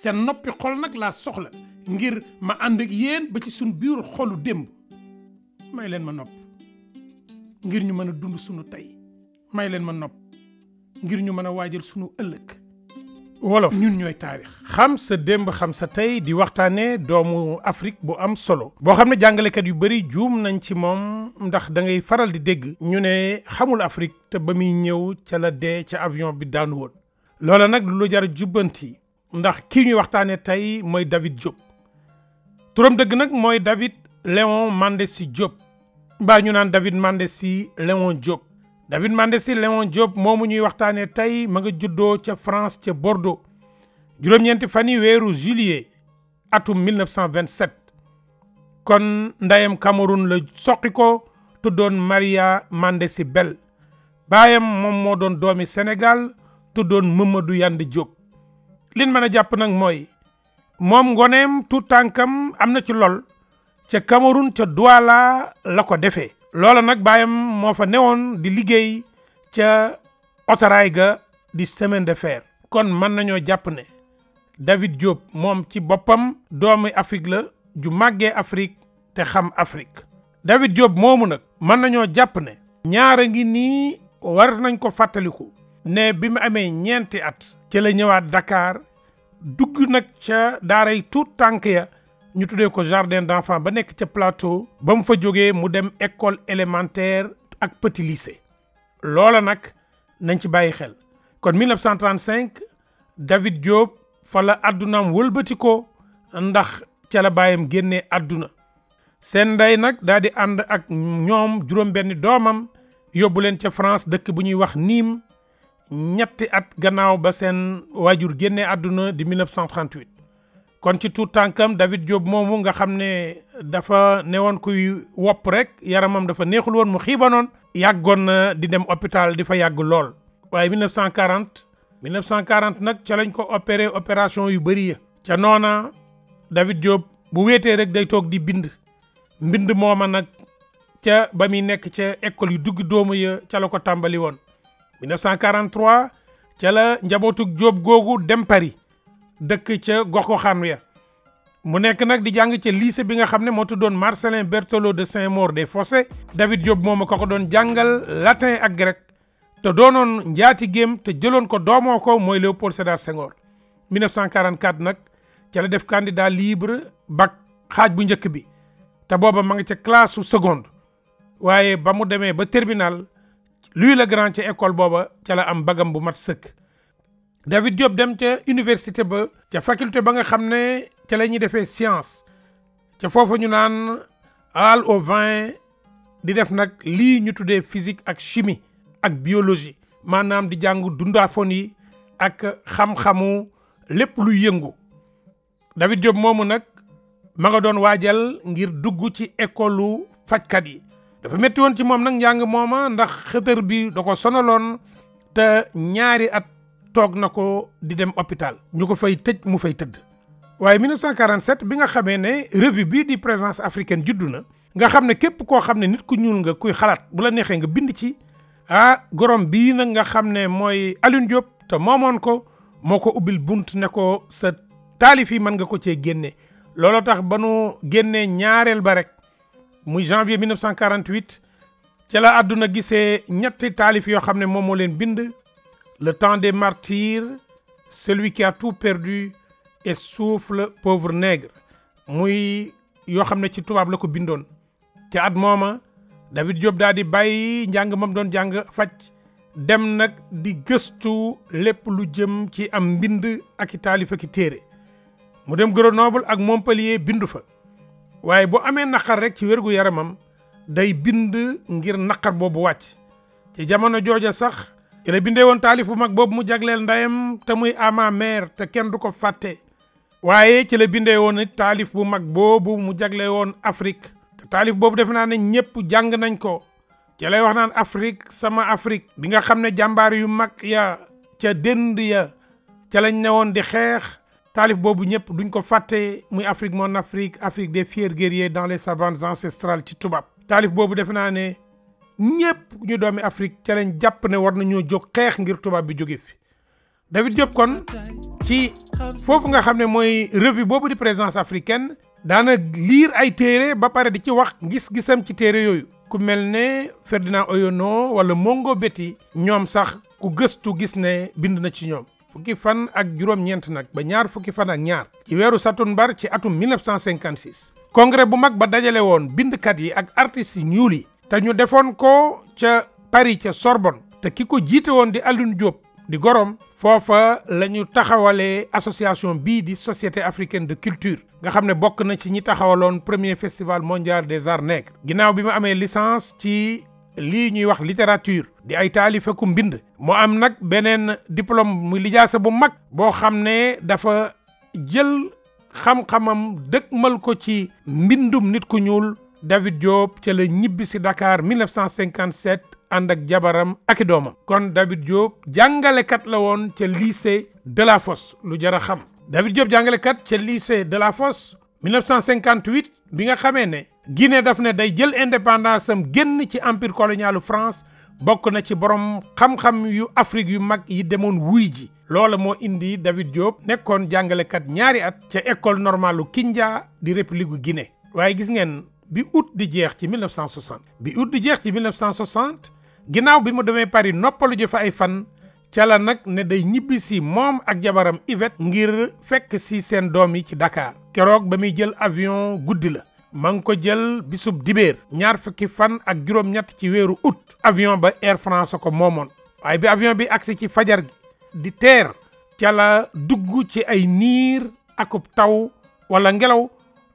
seen noppi xol nag laa soxla ngir ma ànd ak yéen ba ci suñ biir xolu démb may leen ma nopp ngir ñu mën a dund suñu tey may leen ma nopp ngir ñu mën a waajal suñu ëllëg. wolof ñun ñooy taarix. xam sa démb xam sa tey di waxtaanee doomu Afrique bu am solo. boo xam ne jàngalekat yu bari juum nañ ci moom ndax da ngay faral di dégg. ñu ne xamul Afrique te ba muy ñëw ca la dee ca avion bi daanu woon. loola nag lu jar yi ndax kii ñuy waxtaane tey mooy David Diop turam dëgg nag mooy David Léon si Diop mbaa ñu naan David Mandessi Léon Diop David si Léon Diop moomu ñuy waxtaane tey ma nga juddoo ca France ca Bordeaux juróom-ñeenti fan weeru juillet atum 1927 kon ndayam Cameroun la soqi ko tuddoon Maria Mandessi Bell baayam moom moo doon doomi Sénégal te tuddoon Mamadou Yande Diop liñ mën a jàpp nag mooy moom ngoneem tout tànkam am na ci lool ca Cameroun ca Douala la ko defee. loola nag baayam moo fa newoon di liggéey ca otaraay di semaine de fer. kon mën nañoo jàpp ne David Diop ci boppam doomi Afrique la ju màggee Afrique te xam Afrique David Diop moomu nag mën nañoo jàpp ne ñaara ngi nii war nañ ko fàttaliku ne bi mu amee ñeenti at ca la ñëwaat dakaar dugg nag ca daaray tuut tànk ya ñu tuddee ko jardin d'enfants ba nekk ca plateau ba mu fa jógee mu dem école élémentaire ak petit lycée loola nag nañ ci bàyyi xel kon 1935 David fala fa la addunaam wëlbati ko ndax ca la baayam génnee adduna seen ndey nag daal di ànd ak ñoom juróom benni doomam yóbbu leen ca France dëkk bu ñuy wax niim ñetti at gannaaw ba seen waajur génne àdduna di 1938 kon ci tuut tànkam David Diop moomu nga xam ne dafa ne woon kuy wopp rek yaramam dafa neexul woon mu xiibanoon yàggoon na di dem hôpital di fa yàgg lool waaye 1940 1940 nag ca lañ ko opéré opération yu bëri ya ca noona David Diop bu wéetee rek day toog di bind mbind mooma nag ca ba muy nekk ca école yu dugg doomu ya ca la ko tàmbali woon 1943 ca la njabootug Jóob googu dem Paris dëkk ca gox ko xaan ya mu nekk nag di jàng ca lycée bi nga xam ne moo doon Marcellin Berthelot de Saint-Maur des Fossés David Diop moom ko ko doon jàngal latin ak grec te doonoon njaatigeem te jëloon ko doomoo ko mooy Léopold Sédar Senghor 1944 nag ca la def candidat libre bac xaaj bu njëkk bi te booba ma nga ca classe su seconde waaye ba mu demee ba terminal Louis le Grand ca école booba ca la am bagam bu mat sëkk David Diop dem ca université ba ca faculté ba nga xam ne ca la ñuy defee science ca foofa ñu naan al au vin di def nag li ñu tuddee physique ak chimie ak biologie maanaam di jàngu dundaafon yi ak xam-xamu lépp lu yëngu David Diop moomu nag ma nga doon waajal ngir dugg ci école fajkat yi dafa métti woon ci moom nag njàng mooma ndax xëtër bi da ko sonaloon te ñaari at toog na ko di dem hôpital ñu ko fay tëj mu fay tëdd waaye 1947 bi nga xamee ne revue bii di présence africaine juddu na nga xam ne képp koo xam ne nit ku ñuul nga kuy xalaat bu la neexee nga bind ci ah gorom bii nag nga xam ne mooy Alioune Diop te moomoon ko moo ko ubbil bunt ne ko sa taalif yi mën nga ko cee génne looloo tax ba nu génnee ñaareel ba rek muy janvier 1948 ca la àdduna gisee ñetti taalif yoo xam ne moom moo leen bind le temps des martyrs celui qui a tout perdu et souffle pauvre nègre muy yoo xam ne ci tubaab la ko bindoon ca at mooma David Diop daal di bàyyi njàng mam doon jàng faj dem nag di gëstu lépp lu jëm ci am mbind ak i taalif ak téere mu dem Grenoble ak Montpellier bindu fa waaye bu amee naqar rek ci wérgu yaramam day bind ngir naqar boobu wàcc ci jamono jooja sax ci la bindee woon taalif bu mag boobu mu jagleel ndeyam te muy ama mère te kenn du ko fàtte waaye ci la bindee woon it taalif bu mag boobu mu jagle woon Afrique te taalif boobu defe naa ne ñëpp jàng nañ ko ci la wax naan Afrique sama Afrique bi nga xam ne jàmbaar yu mag ya ca dënd ya ca lañ ne woon di xeex taalif boobu ñëpp duñ ko fàtte muy Afrique mon Afrique Afrique des fiers guerriers dans les savanes ancestrales ci tubaab taalif boobu defe naa ne ñëpp ñu doomi Afrique ca jàpp ne war nañoo jog xeex ngir tubaab bi jóge fi David Diop kon ci foofu nga xam ne mooy revue boobu di présence africaine daana liir ay téere ba pare di ci wax gis-gisam ci téere yooyu ku mel ne Ferdinand Oyono wala Mongo Betty ñoom sax ku gëstu gis ne bind na ci ñoom fukki fan ak juróom-ñeent nag ba ñaar fukki fan ak ñaar ci weeru satunbar ci atum 1956 congrès bu mag ba dajale woon bindkat yi ak artistes yi ñuul yi te ñu defoon ko ca Paris ca Sorbonne te ki ko jiite woon di Alioune jóob di gorom foofa la ñu taxawalee association bii di société africaine de culture nga xam ne bokk na ci ñi taxawaloon premier festival mondial des arts nègres ginnaaw bi mu amee licence ci lii ñuy wax littérature di ay taalifaku mbind moo am nag beneen diplôme mu lijaasa bu mag boo xam ne dafa jël xam-xamam dëkkmal ko ci mbindum nit ku ñuul David Diop ca la ñibbi si Dakar 1957 ànd ak jabaram aki doomam kon David Diop jàngalekat la woon ca lycée Delafosse lu jar a xam David Diop jàngalekat ca lycée Delafosse 1958 bi nga xamee ne Guinée daf ne day jël indépendance am génn ci empire colonialu France bokk na ci borom xam-xam yu Afrique yu mag yi demoon wuy ji loola moo indi David Diop nekkoon jàngalekat ñaari at ca école normalu Kindia di république gu Guinée. waaye gis ngeen bi ut di jeex ci 1960 bi août di jeex ci 1960 ginnaaw bi mu demee Paris noppalu ji fa ay fan ca la nag ne day ñibbi si moom ak jabaram Yvette ngir fekk si seen doom yi ci dakaar keroog ba muy jël avion guddi la. ma ngi ko jël bisub dibéer ñaar fukki fan ak juróom-ñett ci weeru août avion ba Air France ko moomoon waaye bi avion bi agsi ci fajar gi di ter cala dugg ci ay niir akub taw wala ngelaw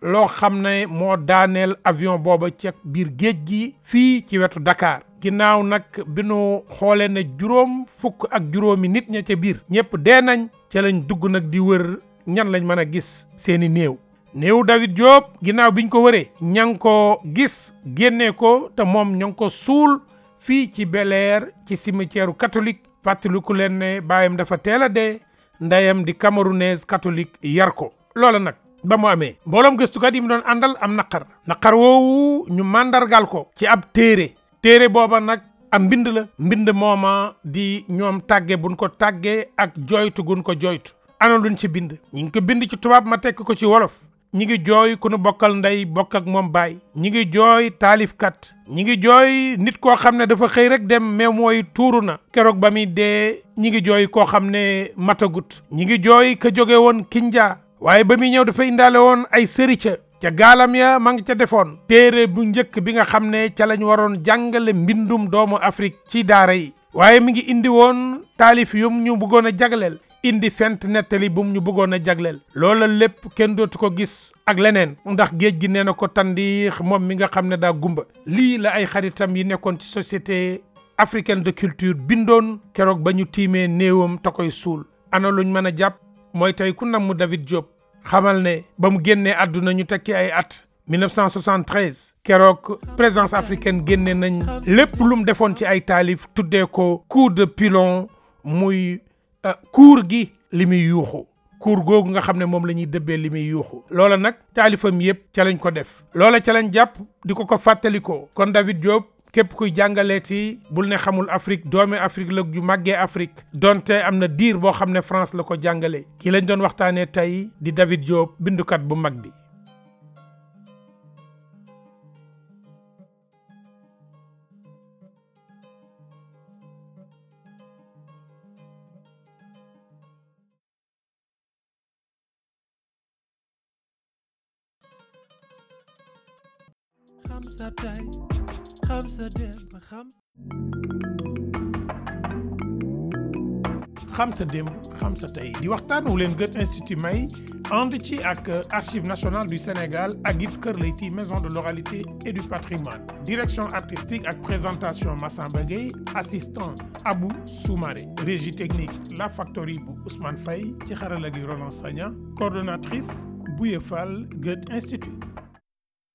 loo xam ne moo daaneel avion booba ca biir géej gi fii ci wetu dakaar ginnaaw nag bi nu xoolee ne juróom fukk ak juróomi nit ña ca biir ñëpp dee nañ ca lañ dugg nag di wër ñan lañ mën a gis seeni néew néew David Diop ginnaaw biñ ko wëree ña ngi ko gis génnee ko te moom ña ngi ko suul fii ci Bel Air ci cimetière catholique fàttaliku leen ne baayam dafa teel a dee ndeyam di camerounaise catholique yar ko loola nag ba mu amee mbooloom gëstukat yi mu doon àndal am naqar naqar woowu ñu màndargal ko ci ab téere téere booba nag am mbind la mbind mooma di ñoom tàgge buñ ko tàggee ak joytu gun ko joytu ana luñ ci bind ñu ngi ko bind ci tubaab ma tekk ko ci wolof ñi ngi jooy ku nu bokkal ndey bokk ak moom baay ñi ngi jooy taalifkat ñi ngi jooy nit koo xam ne dafa xëy rek dem mais mooy tuuru na keroog ba muy dee ñi ngi jooy koo xam ne matagut ñi ngi jooy ka jóge woon Kinja waaye ba muy ñëw dafa indaale woon ay sërica ca gaalam ya ma ngi ca defoon téere bu njëkk bi nga xam ne ca lañ waroon jàngale mbindum doomu Afrique ci daara yi waaye mi ngi indi woon taalif yum ñu bëggoon a jagleel indi fent nettali bu mu ñu bëggoon a jagleel loola lépp kenn dootu ko gis ak leneen ndax géej gi nee na ko tandiix moom mi nga xam ne daa gumba lii la ay xaritam yi nekkoon ci société africaine de culture bindoon keroog ba ñu tiimee néewam ta koy suul ana luñ mën a jàpp mooy tey ku namm David Diop xamal ne ba mu génnee àdduna ñu tekki ay at 1973 keroog présence africaine génne nañ lépp lu mu defoon ci ay taalif tuddee ko coup de pilon muy Euh, kuur gi li muy yuuxu kuur googu nga xam ne moom la ñuy dëbbee li muy yuuxu loola nag taalifam yëpp ca lañ ko def loola ca lañ jàpp di ko ko fàttalikoo kon David Diop képp kuy jàngale ci bul ne xamul Afrique doomi Afrique la ju màggee Afrique donte am na diir boo xam ne France la ko jàngalee kii lañ doon waxtaanee tey di David Diop bindukat bu mag bi xam sa tay xam sa démb sa tey di waxtaan wu leen Goethe Institut may ànd ci ak Archives nationales du Sénégal ak it Kër Leyti maison de l'oralité et du patrimoine direction artistique ak présentation Massamba Gueye assistant Abou Soumaré régie technique La Factory bu Ousmane Faye ci xarala gi Roland Sagna coordonnatrice Bouye Goethe Institut